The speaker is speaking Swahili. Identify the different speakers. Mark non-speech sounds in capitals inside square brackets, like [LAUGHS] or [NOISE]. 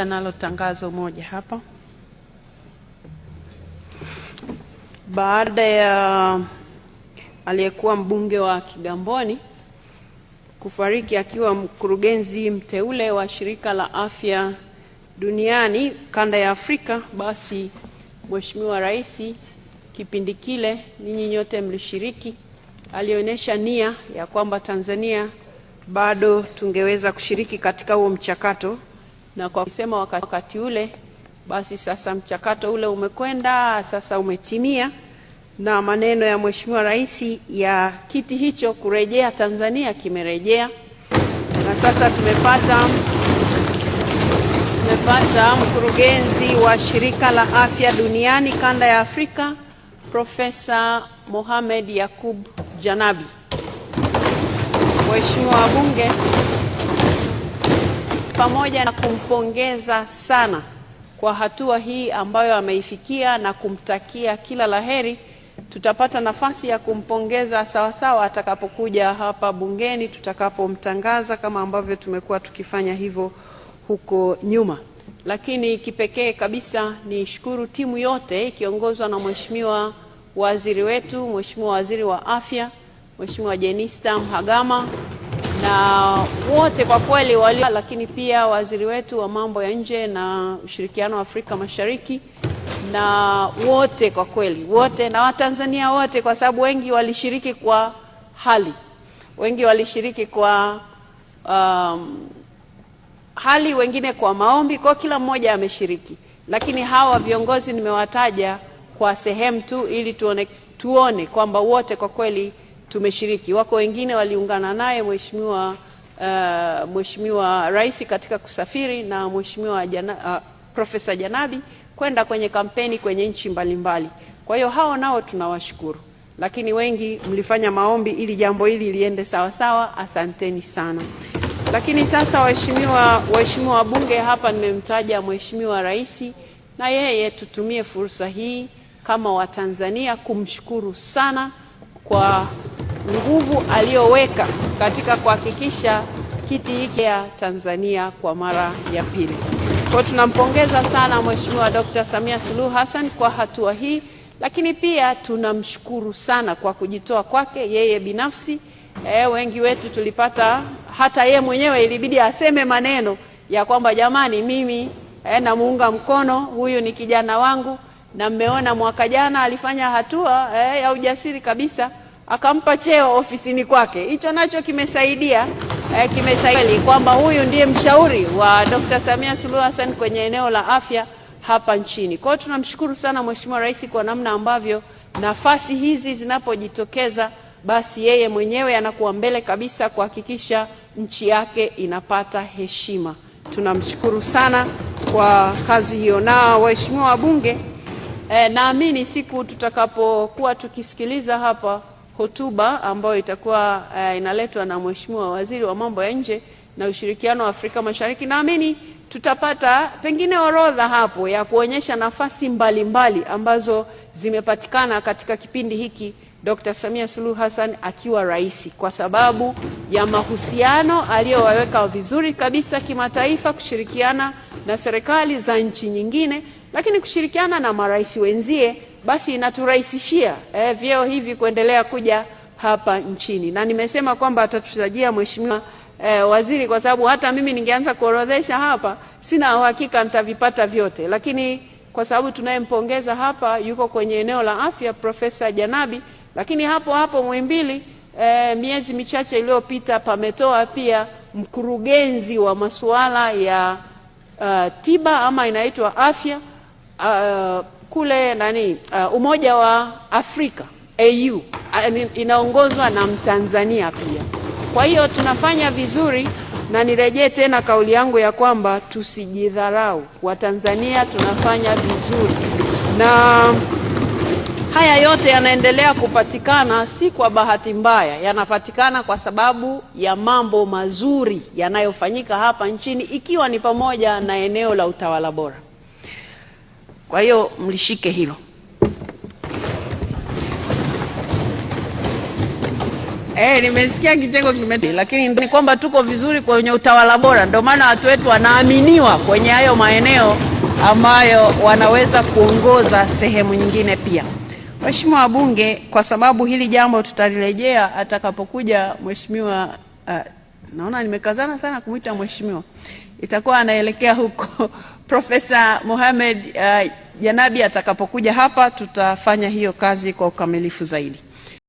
Speaker 1: Analo tangazo moja hapa. Baada ya aliyekuwa mbunge wa Kigamboni kufariki akiwa mkurugenzi mteule wa Shirika la Afya Duniani kanda ya Afrika, basi Mheshimiwa Rais, kipindi kile ninyi nyote mlishiriki, alionyesha nia ya kwamba Tanzania bado tungeweza kushiriki katika huo mchakato na kwa kusema wakati, wakati ule basi sasa mchakato ule umekwenda sasa umetimia, na maneno ya Mheshimiwa Rais ya kiti hicho kurejea Tanzania kimerejea, na sasa tumepata tumepata mkurugenzi wa shirika la afya duniani kanda ya Afrika Profesa Mohamed Yakub Janabi. Mheshimiwa wabunge pamoja na kumpongeza sana kwa hatua hii ambayo ameifikia na kumtakia kila laheri. Tutapata nafasi ya kumpongeza sawasawa atakapokuja hapa bungeni tutakapomtangaza, kama ambavyo tumekuwa tukifanya hivyo huko nyuma. Lakini kipekee kabisa nishukuru timu yote ikiongozwa na Mheshimiwa waziri wetu, Mheshimiwa waziri wa afya, Mheshimiwa Jenista Mhagama na wote kwa kweli wali, lakini pia waziri wetu wa mambo ya nje na ushirikiano wa Afrika Mashariki na wote kwa kweli wote na Watanzania wote, kwa sababu wengi walishiriki kwa hali, wengi walishiriki kwa um, hali, wengine kwa maombi, kwa kila mmoja ameshiriki, lakini hawa viongozi nimewataja kwa sehemu tu ili tuone, tuone kwamba wote kwa kweli tumeshiriki. Wako wengine waliungana naye mheshimiwa uh, mheshimiwa rais katika kusafiri na mheshimiwa jana, uh, Profesa Janabi kwenda kwenye kampeni kwenye nchi mbalimbali. Kwa hiyo hao nao tunawashukuru, lakini wengi mlifanya maombi ili jambo hili liende sawa sawa. Asanteni sana. Lakini sasa, waheshimiwa waheshimiwa wabunge, hapa nimemtaja mheshimiwa rais, na yeye tutumie fursa hii kama Watanzania kumshukuru sana kwa nguvu aliyoweka katika kuhakikisha kiti hiki ya Tanzania kwa mara ya pili. Kwa tunampongeza sana Mheshimiwa Dr. Samia Suluhu Hassan kwa hatua hii, lakini pia tunamshukuru sana kwa kujitoa kwake yeye binafsi. E, wengi wetu tulipata hata yeye mwenyewe ilibidi aseme maneno ya kwamba jamani, mimi e, namuunga mkono huyu, ni kijana wangu, na mmeona mwaka jana alifanya hatua e, ya ujasiri kabisa akampa cheo ofisini kwake. Hicho nacho kimesaidia eh, kimesaidia kwamba huyu ndiye mshauri wa Dr. Samia Suluhu Hassan kwenye eneo la afya hapa nchini. Kwa hiyo tunamshukuru sana Mheshimiwa Rais kwa namna ambavyo nafasi hizi zinapojitokeza basi yeye mwenyewe anakuwa mbele kabisa kuhakikisha nchi yake inapata heshima. Tunamshukuru sana kwa kazi hiyo. Na waheshimiwa wabunge, eh, naamini siku tutakapokuwa tukisikiliza hapa hotuba ambayo itakuwa uh, inaletwa na Mheshimiwa Waziri wa Mambo ya Nje na Ushirikiano wa Afrika Mashariki. Naamini tutapata pengine orodha hapo ya kuonyesha nafasi mbalimbali mbali ambazo zimepatikana katika kipindi hiki Dr. Samia Suluhu Hassan akiwa rais, kwa sababu ya mahusiano aliyowaweka vizuri kabisa kimataifa, kushirikiana na serikali za nchi nyingine, lakini kushirikiana na marais wenzie basi inaturahisishia eh, vyeo hivi kuendelea kuja hapa nchini, na nimesema kwamba atatutajia mheshimiwa eh, waziri, kwa sababu hata mimi ningeanza kuorodhesha hapa, sina uhakika nitavipata vyote, lakini kwa sababu tunayempongeza hapa yuko kwenye eneo la afya, Profesa Janabi, lakini hapo hapo Muhimbili eh, miezi michache iliyopita pametoa pia mkurugenzi wa masuala ya uh, tiba ama inaitwa afya uh, kule nani, uh, Umoja wa Afrika AU inaongozwa na Mtanzania pia. Kwa hiyo tunafanya vizuri, na nirejee tena kauli yangu ya kwamba tusijidharau. Watanzania tunafanya vizuri, na haya yote yanaendelea kupatikana si kwa bahati mbaya, yanapatikana kwa sababu ya mambo mazuri yanayofanyika hapa nchini, ikiwa ni pamoja na eneo la utawala bora. Kwa hiyo mlishike hilo. Eh, nimesikia kitengo kime, lakini ni kwamba tuko vizuri kwenye utawala bora, ndio maana watu wetu wanaaminiwa kwenye hayo maeneo ambayo wanaweza kuongoza sehemu nyingine pia. Waheshimiwa wabunge, kwa sababu hili jambo tutalirejea atakapokuja mheshimiwa uh, naona nimekazana sana kumwita mheshimiwa itakuwa anaelekea huko. [LAUGHS] Profesa Mohamed uh, Janabi atakapokuja hapa tutafanya hiyo kazi kwa ukamilifu zaidi.